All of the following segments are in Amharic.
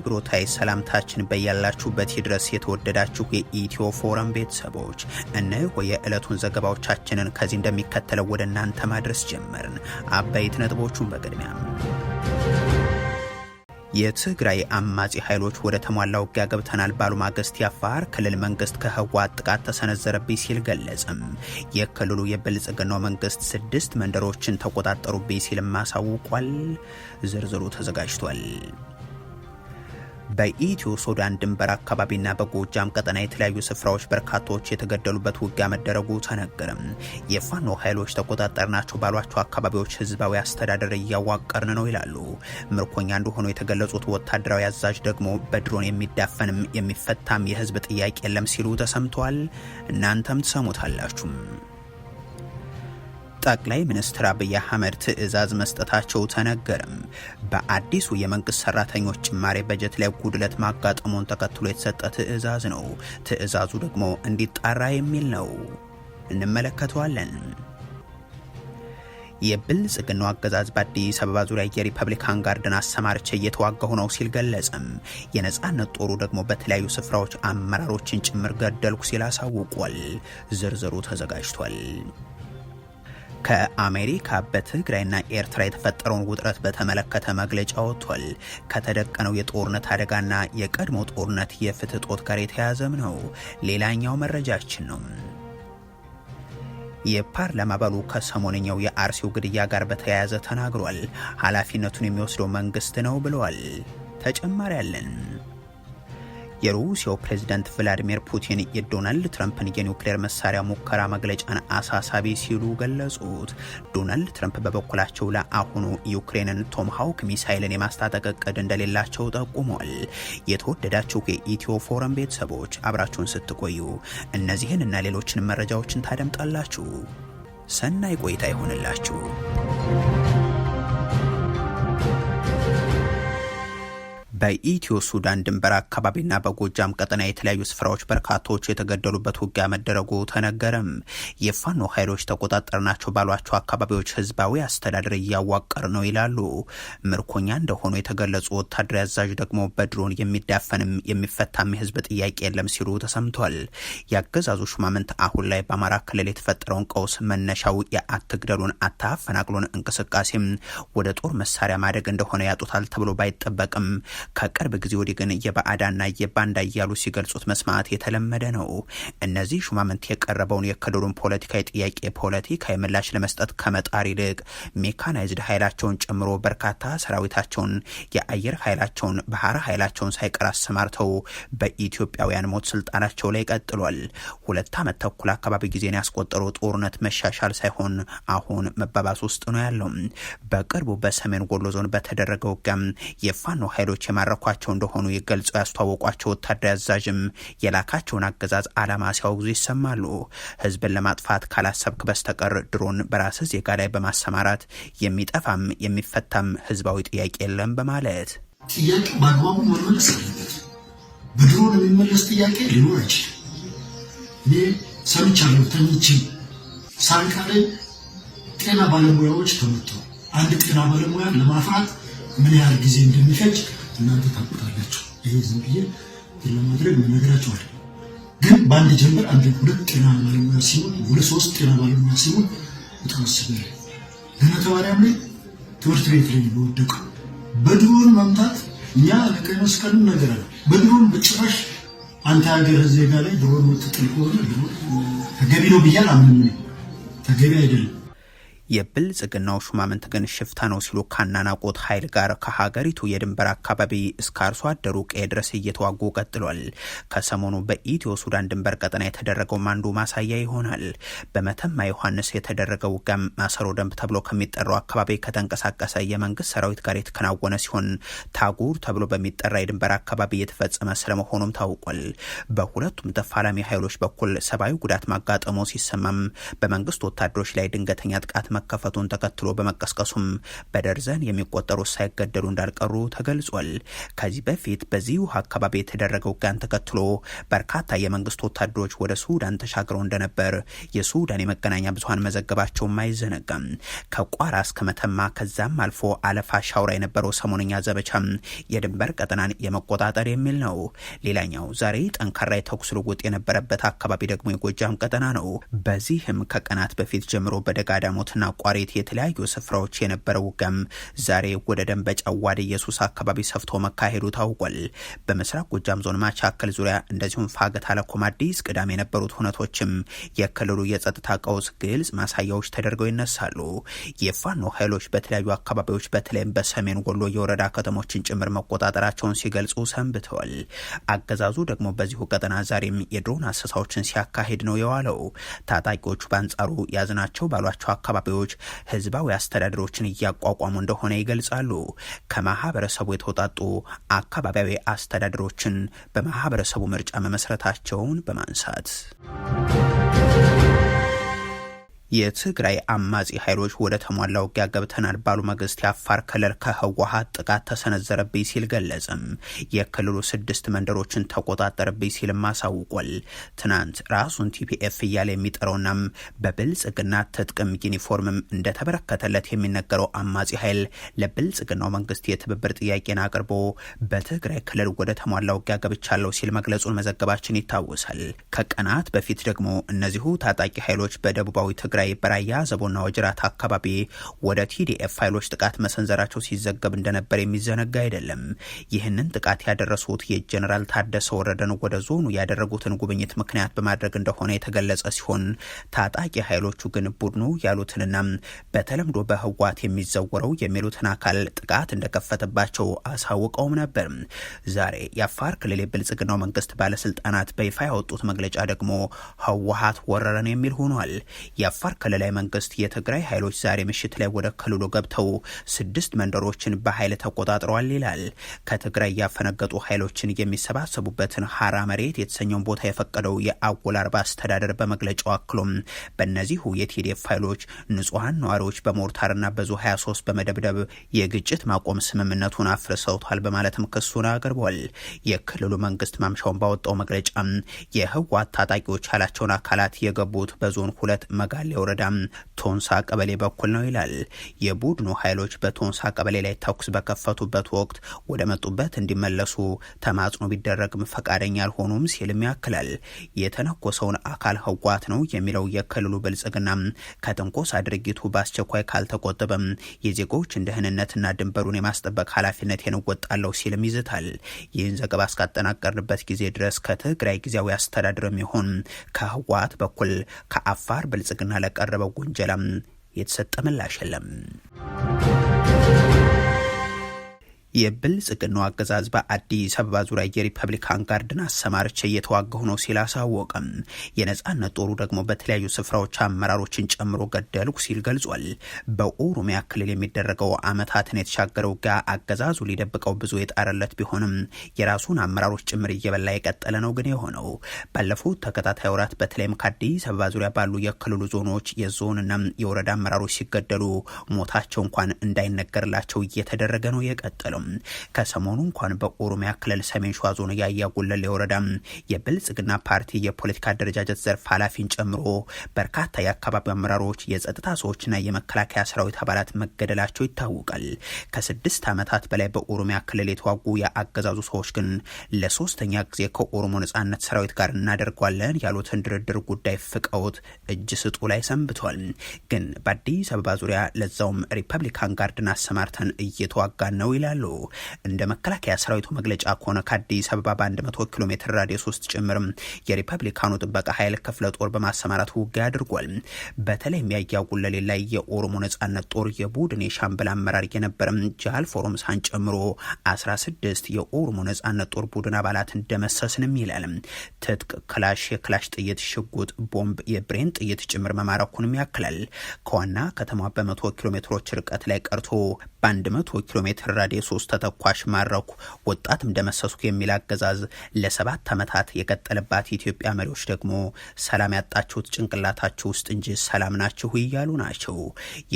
አክብሮታዊ ሰላምታችን በያላችሁበት ድረስ የተወደዳችሁ የኢትዮ ፎረም ቤተሰቦች እነሆ የዕለቱን ዘገባዎቻችንን ከዚህ እንደሚከተለው ወደ እናንተ ማድረስ ጀመርን። አበይት ነጥቦቹን በቅድሚያ የትግራይ አማጺ ኃይሎች ወደ ተሟላ ውጊያ ገብተናል ባሉ ማግስት የአፋር ክልል መንግስት ከህወሓት ጥቃት ተሰነዘረብኝ ሲል ገለጽም። የክልሉ የብልጽግናው መንግስት ስድስት መንደሮችን ተቆጣጠሩብኝ ሲልም አሳውቋል። ዝርዝሩ ተዘጋጅቷል። በኢትዮ ሱዳን ድንበር አካባቢና በጎጃም ቀጠና የተለያዩ ስፍራዎች በርካታዎች የተገደሉበት ውጊያ መደረጉ ተነገረም። የፋኖ ኃይሎች ተቆጣጠርናቸው ባሏቸው አካባቢዎች ህዝባዊ አስተዳደር እያዋቀርን ነው ይላሉ። ምርኮኛ እንደሆኑ የተገለጹት ወታደራዊ አዛዥ ደግሞ በድሮን የሚዳፈንም የሚፈታም የህዝብ ጥያቄ የለም ሲሉ ተሰምተዋል። እናንተም ትሰሙታላችሁም። ጠቅላይ ሚኒስትር አብይ አህመድ ትዕዛዝ መስጠታቸው ተነገርም። በአዲሱ የመንግስት ሰራተኞች ጭማሪ በጀት ላይ ጉድለት ማጋጠሙን ተከትሎ የተሰጠ ትዕዛዝ ነው። ትዕዛዙ ደግሞ እንዲጣራ የሚል ነው። እንመለከተዋለን። የብልጽግናው አገዛዝ በአዲስ አበባ ዙሪያ የሪፐብሊካን ጋርድን አሰማርቼ እየተዋጋሁ ነው ሲል ገለጸም። የነጻነት ጦሩ ደግሞ በተለያዩ ስፍራዎች አመራሮችን ጭምር ገደልኩ ሲል አሳውቋል። ዝርዝሩ ተዘጋጅቷል። ከአሜሪካ በትግራይና ኤርትራ የተፈጠረውን ውጥረት በተመለከተ መግለጫ ወጥቷል። ከተደቀነው የጦርነት አደጋና የቀድሞ ጦርነት የፍትህ ጦት ጋር የተያያዘም ነው። ሌላኛው መረጃችን ነው። የፓርላማ አባሉ ከሰሞነኛው የአርሲው ግድያ ጋር በተያያዘ ተናግሯል። ኃላፊነቱን የሚወስደው መንግስት ነው ብለዋል። ተጨማሪ አለን። የሩሲያው ፕሬዝዳንት ቭላዲሚር ፑቲን የዶናልድ ትራምፕን የኒውክሌር መሳሪያ ሙከራ መግለጫን አሳሳቢ ሲሉ ገለጹት። ዶናልድ ትራምፕ በበኩላቸው ለአሁኑ ዩክሬንን ቶምሃውክ ሚሳይልን የማስታጠቅ እቅድ እንደሌላቸው ጠቁሟል። የተወደዳችሁ የኢትዮ ፎረም ቤተሰቦች አብራችሁን ስትቆዩ እነዚህን እና ሌሎችን መረጃዎችን ታደምጣላችሁ። ሰናይ ቆይታ ይሆንላችሁ። በኢትዮ ሱዳን ድንበር አካባቢና በጎጃም ቀጠና የተለያዩ ስፍራዎች በርካቶች የተገደሉበት ውጊያ መደረጉ ተነገረም። የፋኖ ኃይሎች ተቆጣጠርናቸው ባሏቸው አካባቢዎች ህዝባዊ አስተዳደር እያዋቀር ነው ይላሉ። ምርኮኛ እንደሆኑ የተገለጹ ወታደራዊ አዛዥ ደግሞ በድሮን የሚዳፈንም የሚፈታም የህዝብ ጥያቄ የለም ሲሉ ተሰምቷል። የአገዛዙ ሹማምንት አሁን ላይ በአማራ ክልል የተፈጠረውን ቀውስ መነሻው የአትግደሉን አታፈናቅሉን እንቅስቃሴም ወደ ጦር መሳሪያ ማደግ እንደሆነ ያጡታል ተብሎ ባይጠበቅም ከቅርብ ጊዜ ወዲህ ግን የባዕዳና የባንዳ እያሉ ሲገልጹት መስማት የተለመደ ነው። እነዚህ ሹማምንት የቀረበውን የክልሉን ፖለቲካዊ ጥያቄ ፖለቲካዊ ምላሽ ለመስጠት ከመጣር ይልቅ ሜካናይዝድ ኃይላቸውን ጨምሮ በርካታ ሰራዊታቸውን፣ የአየር ኃይላቸውን፣ ባህር ኃይላቸውን ሳይቀር አሰማርተው በኢትዮጵያውያን ሞት ስልጣናቸው ላይ ቀጥሏል። ሁለት ዓመት ተኩል አካባቢ ጊዜን ያስቆጠሩ ጦርነት መሻሻል ሳይሆን አሁን መባባስ ውስጥ ነው ያለው። በቅርቡ በሰሜን ወሎ ዞን በተደረገው ውጊያም የፋኖ ኃይሎች የማ ያማረኳቸው እንደሆኑ የገልጾ ያስተዋወቋቸው ወታደር አዛዥም የላካቸውን አገዛዝ አላማ ሲያወግዙ ይሰማሉ። ህዝብን ለማጥፋት ካላሰብክ በስተቀር ድሮን በራስ ዜጋ ላይ በማሰማራት የሚጠፋም የሚፈታም ህዝባዊ ጥያቄ የለም በማለት ጥያቄ በአግባቡ መመለስ አለበት። በድሮን የሚመለስ ጥያቄ ሊኖር አይችልም። እኔ ሰምቻለሁ። ተኝቼ ሳንቃ ላይ ጤና ባለሙያዎች ተመጥተው አንድ ጤና ባለሙያ ለማፍራት ምን ያህል ጊዜ እንደሚፈጅ እናንተ ታውቁታላችሁ። ይሄ ዝም ብዬ ለማድረግ መነገራችሁ አለ። ግን በአንድ ጀምር አንድ ሁለት ጤና ባለሙያ ሲሆን ሁለት ሶስት ጤና ባለሙያ ሲሆን የተወሰደ ገና ተማሪያም ላይ ትምህርት ቤት ላይ የወደቀው በድሮን መምታት እኛ ለቀይ መስቀል ነገር አለ። በድሮን በጭራሽ አንተ ሀገር ዜጋ ላይ ድሮን መትጥል ከሆነ ተገቢ ነው ብያል አምንም ተገቢ አይደለም። የብልጽግናው ሹማምንት ግን ሽፍታ ነው ሲሉ ካናናቆት ኃይል ጋር ከሀገሪቱ የድንበር አካባቢ እስከ አርሶ አደሩ ቀየ ድረስ እየተዋጉ ቀጥሏል። ከሰሞኑ በኢትዮ ሱዳን ድንበር ቀጠና የተደረገውም አንዱ ማሳያ ይሆናል። በመተማ ዮሐንስ የተደረገው ውጋም ማሰሮ ደንብ ተብሎ ከሚጠራው አካባቢ ከተንቀሳቀሰ የመንግስት ሰራዊት ጋር የተከናወነ ሲሆን ታጉር ተብሎ በሚጠራ የድንበር አካባቢ የተፈጸመ ስለመሆኑም ታውቋል። በሁለቱም ተፋላሚ ኃይሎች በኩል ሰብአዊ ጉዳት ማጋጠሙ ሲሰማም በመንግስት ወታደሮች ላይ ድንገተኛ ጥቃት መከፈቱን ተከትሎ በመቀስቀሱም በደርዘን የሚቆጠሩ ሳይገደሉ እንዳልቀሩ ተገልጿል። ከዚህ በፊት ውሃ አካባቢ የተደረገው ውጊያን ተከትሎ በርካታ የመንግስት ወታደሮች ወደ ሱዳን ተሻግረው እንደነበር የሱዳን የመገናኛ ብዙሀን መዘገባቸውም አይዘነጋም። ከቋራ እስከ መተማ ከዛም አልፎ አለፋ ሻውራ የነበረው ሰሞነኛ ዘመቻም የድንበር ቀጠናን የመቆጣጠር የሚል ነው። ሌላኛው ዛሬ ጠንካራ የተኩስ ልውውጥ የነበረበት አካባቢ ደግሞ የጎጃም ቀጠና ነው። በዚህም ከቀናት በፊት ጀምሮ በደጋ ቋሪትና የተለያዩ ስፍራዎች የነበረ ውጊያም ዛሬ ወደ ደንበጫ ዋደ ኢየሱስ አካባቢ ሰፍቶ መካሄዱ ታውቋል። በምስራቅ ጎጃም ዞን ማቻከል ዙሪያ እንደዚሁም ፋገት አለኮም አዲስ ቅዳም የነበሩት ሁነቶችም የክልሉ የጸጥታ ቀውስ ግልጽ ማሳያዎች ተደርገው ይነሳሉ። የፋኖ ኃይሎች በተለያዩ አካባቢዎች በተለይም በሰሜን ወሎ የወረዳ ከተሞችን ጭምር መቆጣጠራቸውን ሲገልጹ ሰንብተዋል። አገዛዙ ደግሞ በዚሁ ቀጠና ዛሬም የድሮን አሰሳዎችን ሲያካሂድ ነው የዋለው። ታጣቂዎቹ በአንጻሩ ያዝናቸው ባሏቸው አካባቢ ፓርቲዎች ህዝባዊ አስተዳደሮችን እያቋቋሙ እንደሆነ ይገልጻሉ። ከማህበረሰቡ የተውጣጡ አካባቢያዊ አስተዳደሮችን በማህበረሰቡ ምርጫ መመስረታቸውን በማንሳት የትግራይ አማጺ ኃይሎች ወደ ተሟላ ውጊያ ገብተናል ባሉ ማግስት የአፋር ክልል ከህወሀት ጥቃት ተሰነዘረብኝ ሲል ገለጽም የክልሉ ስድስት መንደሮችን ተቆጣጠረብኝ ሲልም አሳውቋል። ትናንት ራሱን ቲፒኤፍ እያለ የሚጠራውናም በብልጽግና ትጥቅም ዩኒፎርምም እንደተበረከተለት የሚነገረው አማጺ ኃይል ለብልጽግናው መንግስት የትብብር ጥያቄን አቅርቦ በትግራይ ክልል ወደ ተሟላ ውጊያ ገብቻለሁ ሲል መግለጹን መዘገባችን ይታወሳል። ከቀናት በፊት ደግሞ እነዚሁ ታጣቂ ኃይሎች በደቡባዊ ትግራይ ትግራይ በራያ ዘቦና ወጅራት አካባቢ ወደ ቲዲኤፍ ኃይሎች ጥቃት መሰንዘራቸው ሲዘገብ እንደነበር የሚዘነጋ አይደለም። ይህንን ጥቃት ያደረሱት የጀኔራል ታደሰ ወረደን ወደ ዞኑ ያደረጉትን ጉብኝት ምክንያት በማድረግ እንደሆነ የተገለጸ ሲሆን ታጣቂ ኃይሎቹ ግን ቡድኑ ያሉትንና በተለምዶ በህወሓት የሚዘወረው የሚሉትን አካል ጥቃት እንደከፈተባቸው አሳውቀውም ነበር። ዛሬ የአፋር ክልል የብልጽግናው መንግስት ባለስልጣናት በይፋ ያወጡት መግለጫ ደግሞ ህወሓት ወረረን የሚል ሆኗል። የአፋር የአፋር ክልላዊ መንግስት የትግራይ ኃይሎች ዛሬ ምሽት ላይ ወደ ክልሉ ገብተው ስድስት መንደሮችን በኃይል ተቆጣጥረዋል ይላል። ከትግራይ ያፈነገጡ ኃይሎችን የሚሰባሰቡበትን ሀራ መሬት የተሰኘውን ቦታ የፈቀደው የአጎል አርባ አስተዳደር በመግለጫው አክሎም በእነዚሁ የቲዲኤፍ ኃይሎች ንጹሐን ነዋሪዎች በሞርታርና በዙ 23 በመደብደብ የግጭት ማቆም ስምምነቱን አፍርሰውታል በማለትም ክሱን አቅርቧል። የክልሉ መንግስት ማምሻውን ባወጣው መግለጫ የህወሓት ታጣቂዎች ያላቸውን አካላት የገቡት በዞን ሁለት መጋሌ ወረዳ ቶንሳ ቀበሌ በኩል ነው ይላል። የቡድኑ ኃይሎች በቶንሳ ቀበሌ ላይ ተኩስ በከፈቱበት ወቅት ወደ መጡበት እንዲመለሱ ተማጽኖ ቢደረግም ፈቃደኛ አልሆኑም ሲልም ያክላል። የተነኮሰውን አካል ህወሓት ነው የሚለው የክልሉ ብልጽግና ከትንኮሳ ድርጊቱ በአስቸኳይ ካልተቆጠበም የዜጎች ደህንነትና ድንበሩን የማስጠበቅ ኃላፊነት የንወጣለው ሲልም ይዝታል። ይህን ዘገባ እስካጠናቀርንበት ጊዜ ድረስ ከትግራይ ጊዜያዊ አስተዳደር የሚሆን ከህወሓት በኩል ከአፋር ብልጽግና ለቀረበው ውንጀላም የተሰጠ ምላሽ የለም። የብልጽግናው አገዛዝ በአዲስ አበባ ዙሪያ የሪፐብሊካን ጋርድን አሰማርቼ እየተዋጋሁ ነው ሲል አሳወቀም። የነጻነት ጦሩ ደግሞ በተለያዩ ስፍራዎች አመራሮችን ጨምሮ ገደልኩ ሲል ገልጿል። በኦሮሚያ ክልል የሚደረገው ዓመታትን የተሻገረው ጋ አገዛዙ ሊደብቀው ብዙ የጣረለት ቢሆንም የራሱን አመራሮች ጭምር እየበላ የቀጠለ ነው ግን የሆነው ባለፉት ተከታታይ ወራት በተለይም ከአዲስ አበባ ዙሪያ ባሉ የክልሉ ዞኖች የዞንና የወረዳ አመራሮች ሲገደሉ ሞታቸው እንኳን እንዳይነገርላቸው እየተደረገ ነው የቀጠለው። ከሰሞኑ እንኳን በኦሮሚያ ክልል ሰሜን ሸዋ ዞን ያያ ጉለሌ ወረዳ የብልጽግና ፓርቲ የፖለቲካ አደረጃጀት ዘርፍ ኃላፊን ጨምሮ በርካታ የአካባቢ አመራሮች፣ የጸጥታ ሰዎችና የመከላከያ ሰራዊት አባላት መገደላቸው ይታወቃል። ከስድስት ዓመታት በላይ በኦሮሚያ ክልል የተዋጉ የአገዛዙ ሰዎች ግን ለሶስተኛ ጊዜ ከኦሮሞ ነጻነት ሰራዊት ጋር እናደርጓለን ያሉትን ድርድር ጉዳይ ፍቀውት እጅ ስጡ ላይ ሰንብቷል። ግን በአዲስ አበባ ዙሪያ ለዛውም ሪፐብሊካን ጋርድን አሰማርተን እየተዋጋን ነው ይላሉ። እንደ መከላከያ ሰራዊቱ መግለጫ ከሆነ ከአዲስ አበባ በ100 ኪሎ ሜትር ራዲየስ ውስጥ ጭምርም የሪፐብሊካኑ ጥበቃ ኃይል ክፍለ ጦር በማሰማራት ውጊያ አድርጓል። በተለይ ሚያያ ጉለሌ ላይ የኦሮሞ ነጻነት ጦር የቡድን የሻምበል አመራር የነበረ ጃል ፎሮምሳን ጨምሮ 16 የኦሮሞ ነጻነት ጦር ቡድን አባላትን ደመሰስንም ይላል። ትጥቅ፣ ክላሽ፣ የክላሽ ጥይት፣ ሽጉጥ፣ ቦምብ፣ የብሬን ጥይት ጭምር መማረኩንም ያክላል። ከዋና ከተማ በመቶ ኪሎ ሜትሮች ርቀት ላይ ቀርቶ በአንድ መቶ ኪሎ ሜትር ራዲየስ ውስጥ ተተኳሽ ማረኩ፣ ወጣትም ደመሰስኩ የሚል አገዛዝ ለሰባት ዓመታት የቀጠለባት ኢትዮጵያ መሪዎች ደግሞ ሰላም ያጣችሁት ጭንቅላታችሁ ውስጥ እንጂ ሰላም ናችሁ እያሉ ናቸው።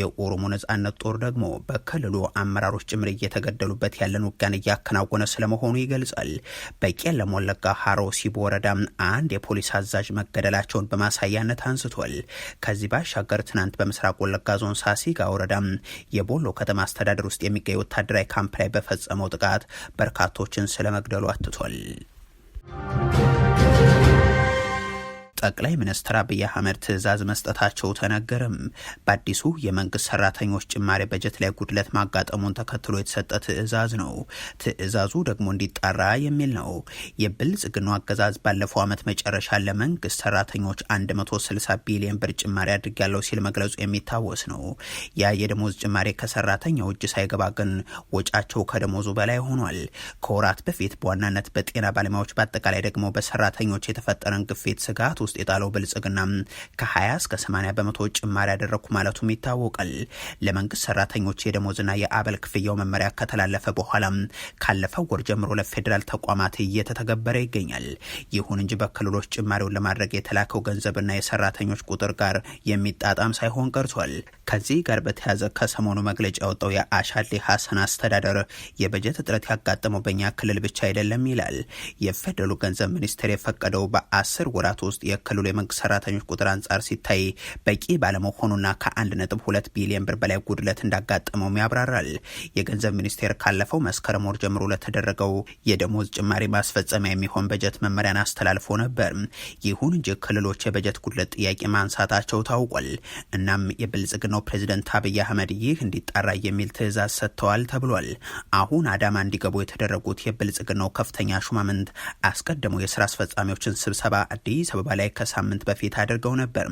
የኦሮሞ ነጻነት ጦር ደግሞ በክልሉ አመራሮች ጭምር እየተገደሉበት ያለን ውጊያን እያከናወነ ስለመሆኑ ይገልጻል። በቄለም ወለጋ ሀሮ ሲቦ ወረዳ አንድ የፖሊስ አዛዥ መገደላቸውን በማሳያነት አንስቷል። ከዚህ ባሻገር ትናንት በምስራቅ ወለጋ ዞን ሳሲጋ ወረዳ የቦሎ ከተማ አስተዳደ አስተዳደር ውስጥ የሚገኝ ወታደራዊ ካምፕ ላይ በፈጸመው ጥቃት በርካቶችን ስለመግደሉ አትቷል። ጠቅላይ ሚኒስትር አብይ አህመድ ትዕዛዝ መስጠታቸው ተነገረም በአዲሱ የመንግስት ሰራተኞች ጭማሪ በጀት ላይ ጉድለት ማጋጠሙን ተከትሎ የተሰጠ ትዕዛዝ ነው። ትዕዛዙ ደግሞ እንዲጣራ የሚል ነው። የብልጽግና አገዛዝ ባለፈው ዓመት መጨረሻ ለመንግስት ሰራተኞች 160 ቢሊዮን ብር ጭማሪ ያለው ሲል መግለጹ የሚታወስ ነው። ያ የደሞዝ ጭማሪ ከሰራተኛው እጅ ሳይገባ ግን ወጫቸው ከደሞዙ በላይ ሆኗል። ከወራት በፊት በዋናነት በጤና ባለሙያዎች በአጠቃላይ ደግሞ በሰራተኞች የተፈጠረን ግፊት ስጋት ውስጥ ውስጥ የጣለው ብልጽግና ከ20 እስከ 80 በመቶ ጭማሪ ያደረግኩ ማለቱም ይታወቃል። ለመንግስት ሰራተኞች የደሞዝና የአበል ክፍያው መመሪያ ከተላለፈ በኋላ ካለፈው ወር ጀምሮ ለፌዴራል ተቋማት እየተተገበረ ይገኛል። ይሁን እንጂ በክልሎች ጭማሪውን ለማድረግ የተላከው ገንዘብና የሰራተኞች ቁጥር ጋር የሚጣጣም ሳይሆን ቀርቷል። ከዚህ ጋር በተያያዘ ከሰሞኑ መግለጫ ያወጣው የአሻሌ ሀሰን አስተዳደር የበጀት እጥረት ያጋጠመው በእኛ ክልል ብቻ አይደለም ይላል። የፌደራሉ ገንዘብ ሚኒስቴር የፈቀደው በአስር ወራት ውስጥ የክልሉ የመንግስት ሰራተኞች ቁጥር አንጻር ሲታይ በቂ ባለመሆኑና ከአንድ ነጥብ ሁለት ቢሊዮን ብር በላይ ጉድለት እንዳጋጠመውም ያብራራል። የገንዘብ ሚኒስቴር ካለፈው መስከረም ወር ጀምሮ ለተደረገው የደሞዝ ጭማሪ ማስፈጸሚያ የሚሆን በጀት መመሪያን አስተላልፎ ነበር። ይሁን እንጂ ክልሎች የበጀት ጉድለት ጥያቄ ማንሳታቸው ታውቋል። እናም የብልጽግና ዋናው ፕሬዚደንት አብይ አህመድ ይህ እንዲጣራ የሚል ትዕዛዝ ሰጥተዋል ተብሏል። አሁን አዳማ እንዲገቡ የተደረጉት የብልጽግናው ከፍተኛ ሹማምንት አስቀድሞ የስራ አስፈጻሚዎችን ስብሰባ አዲስ አበባ ላይ ከሳምንት በፊት አድርገው ነበር።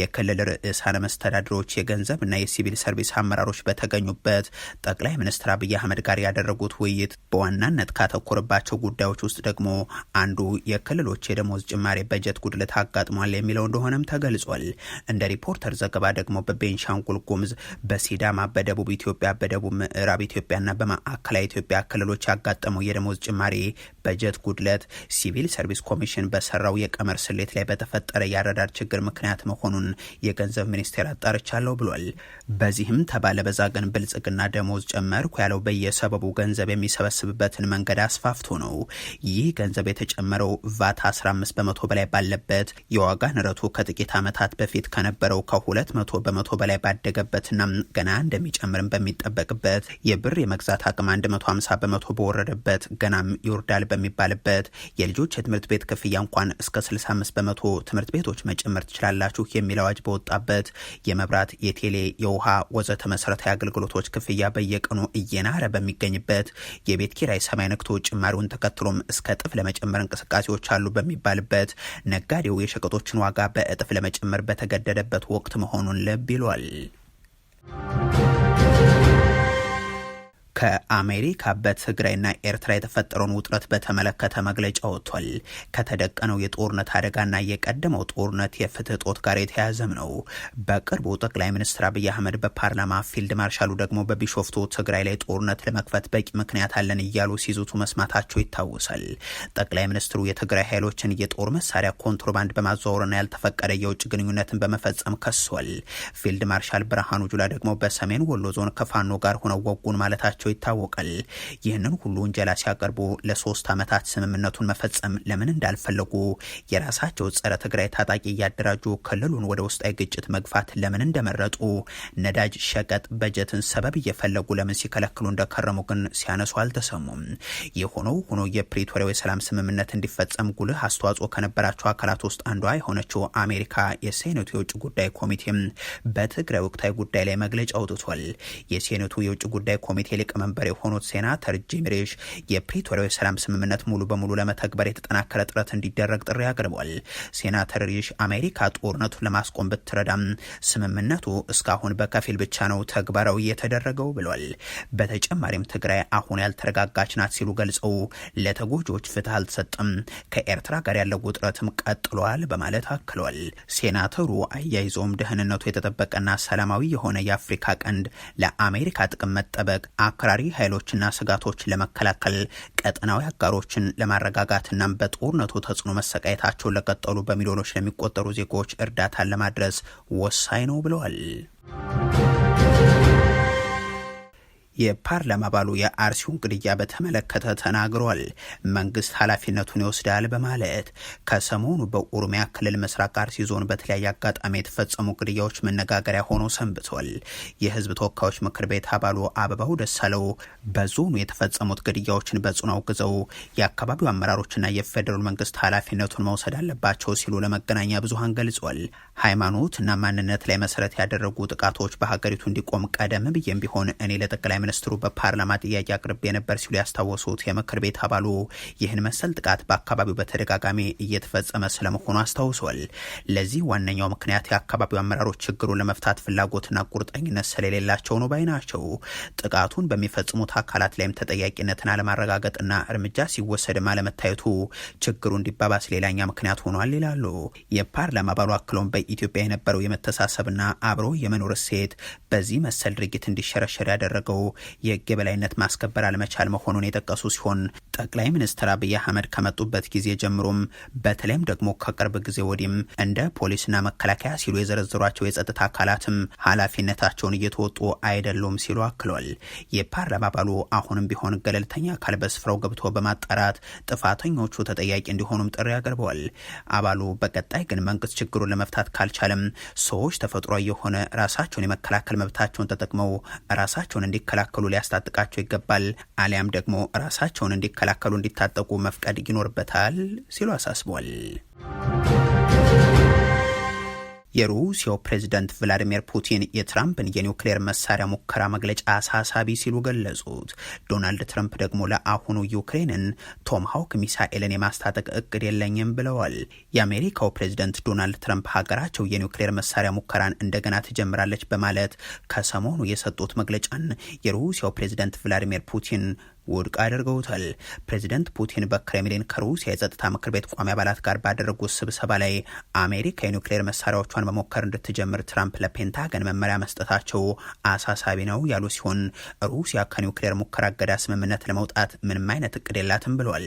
የክልል ርዕሳነ መስተዳድሮች፣ የገንዘብ እና የሲቪል ሰርቪስ አመራሮች በተገኙበት ጠቅላይ ሚኒስትር አብይ አህመድ ጋር ያደረጉት ውይይት በዋናነት ካተኮረባቸው ጉዳዮች ውስጥ ደግሞ አንዱ የክልሎች የደሞዝ ጭማሪ በጀት ጉድለት አጋጥሟል የሚለው እንደሆነም ተገልጿል። እንደ ሪፖርተር ዘገባ ደግሞ በቤንሻ ቤኒሻንጉል ጉሙዝ፣ በሲዳማ፣ በደቡብ ኢትዮጵያ፣ በደቡብ ምዕራብ ኢትዮጵያና በማዕከላዊ ኢትዮጵያ ክልሎች ያጋጠመው የደሞዝ ጭማሪ፣ በጀት ጉድለት፣ ሲቪል ሰርቪስ ኮሚሽን በሰራው የቀመር ስሌት ላይ በተፈጠረ የአረዳድ ችግር ምክንያት መሆኑን የገንዘብ ሚኒስቴር አጣርቻለሁ ብሏል። በዚህም ተባለ በዛ ግን ብልጽግና ደሞዝ ጨመርኩ ያለው በየሰበቡ ገንዘብ የሚሰበስብበትን መንገድ አስፋፍቶ ነው። ይህ ገንዘብ የተጨመረው ቫት 15 በመቶ በላይ ባለበት የዋጋ ንረቱ ከጥቂት ዓመታት በፊት ከነበረው ከ200 በመቶ በላይ ባደገበትና ገና እንደሚጨምርም በሚጠበቅበት የብር የመግዛት አቅም 150 በመቶ በወረደበት ገናም ይወርዳል በሚባልበት የልጆች የትምህርት ቤት ክፍያ እንኳን እስከ 65 በመቶ ትምህርት ቤቶች መጨመር ትችላላችሁ የሚል አዋጅ በወጣበት የመብራት፣ የቴሌ፣ የውሃ ወዘተ መሰረታዊ አገልግሎቶች ክፍያ በየቀኑ እየናረ በሚገኝበት የቤት ኪራይ ሰማይ ነክቶ ጭማሪውን ተከትሎም እስከ እጥፍ ለመጨመር እንቅስቃሴዎች አሉ በሚባልበት ነጋዴው የሸቀጦችን ዋጋ በእጥፍ ለመጨመር በተገደደበት ወቅት መሆኑን ልብ ይሏል። Thank you. ከአሜሪካ በትግራይና ኤርትራ የተፈጠረውን ውጥረት በተመለከተ መግለጫ ወጥቷል። ከተደቀነው የጦርነት አደጋና የቀደመው ጦርነት የፍትህ ጦት ጋር የተያያዘም ነው። በቅርቡ ጠቅላይ ሚኒስትር አብይ አህመድ በፓርላማ ፊልድ ማርሻሉ ደግሞ በቢሾፍቱ ትግራይ ላይ ጦርነት ለመክፈት በቂ ምክንያት አለን እያሉ ሲዙቱ መስማታቸው ይታወሳል። ጠቅላይ ሚኒስትሩ የትግራይ ኃይሎችን የጦር መሳሪያ ኮንትሮባንድ በማዘዋወርና ያልተፈቀደ የውጭ ግንኙነትን በመፈጸም ከሷል። ፊልድ ማርሻል ብርሃኑ ጁላ ደግሞ በሰሜን ወሎ ዞን ከፋኖ ጋር ሆነው ወጉን ማለታቸው መሆናቸው ይታወቃል። ይህንን ሁሉ ውንጀላ ሲያቀርቡ ለሶስት ዓመታት ስምምነቱን መፈጸም ለምን እንዳልፈለጉ፣ የራሳቸው ጸረ ትግራይ ታጣቂ እያደራጁ ክልሉን ወደ ውስጣዊ ግጭት መግፋት ለምን እንደመረጡ፣ ነዳጅ፣ ሸቀጥ፣ በጀትን ሰበብ እየፈለጉ ለምን ሲከለክሉ እንደከረሙ ግን ሲያነሱ አልተሰሙም። የሆነው ሆኖ የፕሪቶሪያው የሰላም ስምምነት እንዲፈጸም ጉልህ አስተዋጽኦ ከነበራቸው አካላት ውስጥ አንዷ የሆነችው አሜሪካ የሴኔቱ የውጭ ጉዳይ ኮሚቴም በትግራይ ወቅታዊ ጉዳይ ላይ መግለጫ አውጥቷል። የሴኔቱ የውጭ ጉዳይ ኮሚቴ ሊቀ ሊቀመንበር የሆኑት ሴናተር ጂም ሪሽ የፕሪቶሪያው የሰላም ስምምነት ሙሉ በሙሉ ለመተግበር የተጠናከረ ጥረት እንዲደረግ ጥሪ አቅርቧል። ሴናተር ሪሽ አሜሪካ ጦርነቱን ለማስቆም ብትረዳም ስምምነቱ እስካሁን በከፊል ብቻ ነው ተግባራዊ የተደረገው ብሏል። በተጨማሪም ትግራይ አሁን ያልተረጋጋች ናት ሲሉ ገልጸው ለተጎጂዎች ፍትህ አልተሰጠም፣ ከኤርትራ ጋር ያለው ውጥረትም ቀጥሏል በማለት አክሏል። ሴናተሩ አያይዘውም ደህንነቱ የተጠበቀና ሰላማዊ የሆነ የአፍሪካ ቀንድ ለአሜሪካ ጥቅም መጠበቅ አከ ተጻራሪ ኃይሎችና ስጋቶች ለመከላከል ቀጠናዊ አጋሮችን ለማረጋጋትና በጦርነቱ ተጽዕኖ መሰቃየታቸውን ለቀጠሉ በሚሊዮኖች ለሚቆጠሩ ዜጎች እርዳታን ለማድረስ ወሳኝ ነው ብለዋል። የፓርላማ አባሉ የአርሲውን ግድያ በተመለከተ ተናግሯል። መንግስት ኃላፊነቱን ይወስዳል በማለት ከሰሞኑ በኦሮሚያ ክልል ምስራቅ አርሲ ዞን በተለያየ አጋጣሚ የተፈጸሙ ግድያዎች መነጋገሪያ ሆኖ ሰንብቷል። የህዝብ ተወካዮች ምክር ቤት አባሉ አበባው ደሳለው በዞኑ የተፈጸሙት ግድያዎችን በጽኑ አውግዘው የአካባቢው አመራሮችና የፌዴራል መንግስት ኃላፊነቱን መውሰድ አለባቸው ሲሉ ለመገናኛ ብዙሀን ገልጿል። ሃይማኖት እና ማንነት ላይ መሰረት ያደረጉ ጥቃቶች በሀገሪቱ እንዲቆም ቀደም ብዬም ቢሆን እኔ ለጠቅላይ ሚኒስትሩ በፓርላማ ጥያቄ አቅርቤ ነበር ሲሉ ያስታወሱት የምክር ቤት አባሉ ይህን መሰል ጥቃት በአካባቢው በተደጋጋሚ እየተፈጸመ ስለመሆኑ አስታውሷል። ለዚህ ዋነኛው ምክንያት የአካባቢው አመራሮች ችግሩን ለመፍታት ፍላጎትና ቁርጠኝነት ስለሌላቸው ነው ባይ ናቸው። ጥቃቱን በሚፈጽሙት አካላት ላይም ተጠያቂነትን አለማረጋገጥና እርምጃ ሲወሰድ አለመታየቱ ችግሩ እንዲባባስ ሌላኛ ምክንያት ሆኗል ይላሉ። የፓርላማ አባሉ አክለውም በኢትዮጵያ የነበረው የመተሳሰብና አብሮ የመኖር እሴት በዚህ መሰል ድርጊት እንዲሸረሸር ያደረገው የህግ የበላይነት ማስከበር አለመቻል መሆኑን የጠቀሱ ሲሆን ጠቅላይ ሚኒስትር አብይ አህመድ ከመጡበት ጊዜ ጀምሮም በተለይም ደግሞ ከቅርብ ጊዜ ወዲህም እንደ ፖሊስና መከላከያ ሲሉ የዘረዘሯቸው የጸጥታ አካላትም ኃላፊነታቸውን እየተወጡ አይደሉም ሲሉ አክሏል። የፓርላማ አባሉ አሁንም ቢሆን ገለልተኛ አካል በስፍራው ገብቶ በማጣራት ጥፋተኞቹ ተጠያቂ እንዲሆኑም ጥሪ አቅርበዋል። አባሉ በቀጣይ ግን መንግስት ችግሩን ለመፍታት ካልቻለም ሰዎች ተፈጥሮ የሆነ ራሳቸውን የመከላከል መብታቸውን ተጠቅመው ራሳቸውን እንዲከላከሉ እንዲከላከሉ ሊያስታጥቃቸው ይገባል፣ አሊያም ደግሞ ራሳቸውን እንዲከላከሉ እንዲታጠቁ መፍቀድ ይኖርበታል ሲሉ አሳስቧል። የሩሲያው ፕሬዝደንት ቭላዲሚር ፑቲን የትራምፕን የኒውክሌር መሳሪያ ሙከራ መግለጫ አሳሳቢ ሲሉ ገለጹት። ዶናልድ ትራምፕ ደግሞ ለአሁኑ ዩክሬንን ቶምሃውክ ሚሳኤልን የማስታጠቅ እቅድ የለኝም ብለዋል። የአሜሪካው ፕሬዝደንት ዶናልድ ትራምፕ ሀገራቸው የኒውክሌር መሳሪያ ሙከራን እንደገና ትጀምራለች በማለት ከሰሞኑ የሰጡት መግለጫን የሩሲያው ፕሬዝደንት ቭላዲሚር ፑቲን ውድቅ አድርገውታል። ፕሬዚደንት ፑቲን በክሬምሊን ከሩሲያ የጸጥታ ምክር ቤት ቋሚ አባላት ጋር ባደረጉት ስብሰባ ላይ አሜሪካ የኒውክሌር መሳሪያዎቿን መሞከር እንድትጀምር ትራምፕ ለፔንታገን መመሪያ መስጠታቸው አሳሳቢ ነው ያሉ ሲሆን ሩሲያ ከኒውክሌር ሙከራ እገዳ ስምምነት ለመውጣት ምንም አይነት እቅድ የላትም ብሏል።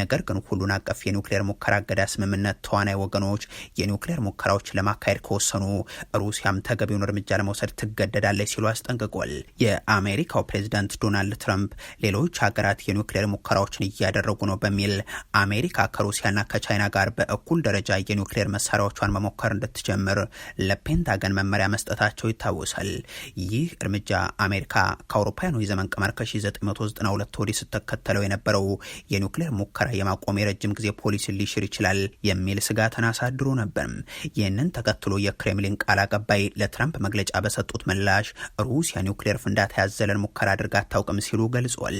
ነገር ግን ሁሉን አቀፍ የኒውክሌር ሙከራ እገዳ ስምምነት ተዋናይ ወገኖች የኒውክሌር ሙከራዎች ለማካሄድ ከወሰኑ ሩሲያም ተገቢውን እርምጃ ለመውሰድ ትገደዳለች ሲሉ አስጠንቅቋል። የአሜሪካው ፕሬዚዳንት ዶናልድ ትራምፕ ሌሎች ሀገራት የኒውክሌር ሙከራዎችን እያደረጉ ነው በሚል አሜሪካ ከሩሲያና ከቻይና ጋር በእኩል ደረጃ የኒውክሌር መሳሪያዎቿን መሞከር እንድትጀምር ለፔንታገን መመሪያ መስጠታቸው ይታወሳል። ይህ እርምጃ አሜሪካ ከአውሮፓውያኑ የዘመን ቀመር ከ1992 ወዲህ ስተከተለው የነበረው የኒውክሌር ሙከራ የማቆም የረጅም ጊዜ ፖሊሲን ሊሽር ይችላል የሚል ስጋትን አሳድሮ ነበር። ይህንን ተከትሎ የክሬምሊን ቃል አቀባይ ለትራምፕ መግለጫ በሰጡት ምላሽ ሩሲያ ኒውክሌር ፍንዳታ ያዘለን ሙከራ አድርጋ አታውቅም ሲሉ ገልጿል።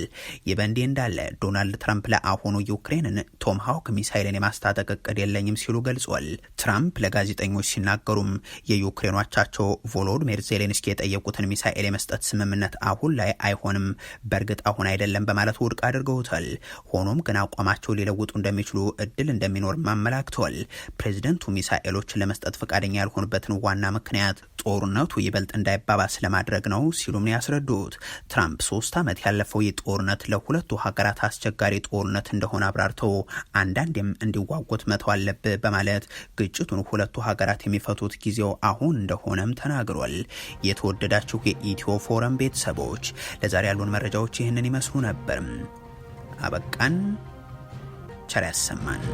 ይህ በእንዲህ እንዳለ ዶናልድ ትራምፕ ለአሁኑ ዩክሬንን ቶም ሀውክ ሚሳይልን የማስታጠቅ እቅድ የለኝም ሲሉ ገልጿል። ትራምፕ ለጋዜጠኞች ሲናገሩም የዩክሬኑ አቻቸው ቮሎዲሚር ዜሌንስኪ የጠየቁትን ሚሳኤል የመስጠት ስምምነት አሁን ላይ አይሆንም፣ በእርግጥ አሁን አይደለም በማለት ውድቅ አድርገውታል። ሆኖም ግን አቋማቸው ሊለውጡ እንደሚችሉ እድል እንደሚኖር አመላክተዋል። ፕሬዚደንቱ ሚሳኤሎችን ለመስጠት ፈቃደኛ ያልሆኑበትን ዋና ምክንያት ጦርነቱ ይበልጥ እንዳይባባስ ለማድረግ ነው ሲሉም ያስረዱት። ትራምፕ ሶስት ዓመት ያለፈው የጦርነት ለሁለቱ ሀገራት አስቸጋሪ ጦርነት እንደሆነ አብራርተው አንዳንዴም እንዲዋጉት መተው አለብ በማለት ግጭቱን ሁለቱ ሀገራት የሚፈቱት ጊዜው አሁን እንደሆነም ተናግሯል። የተወደዳችሁ የኢትዮ ፎረም ቤተሰቦች ለዛሬ ያሉን መረጃዎች ይህንን ይመስሉ ነበር። አበቃን። ቸር ያሰማን።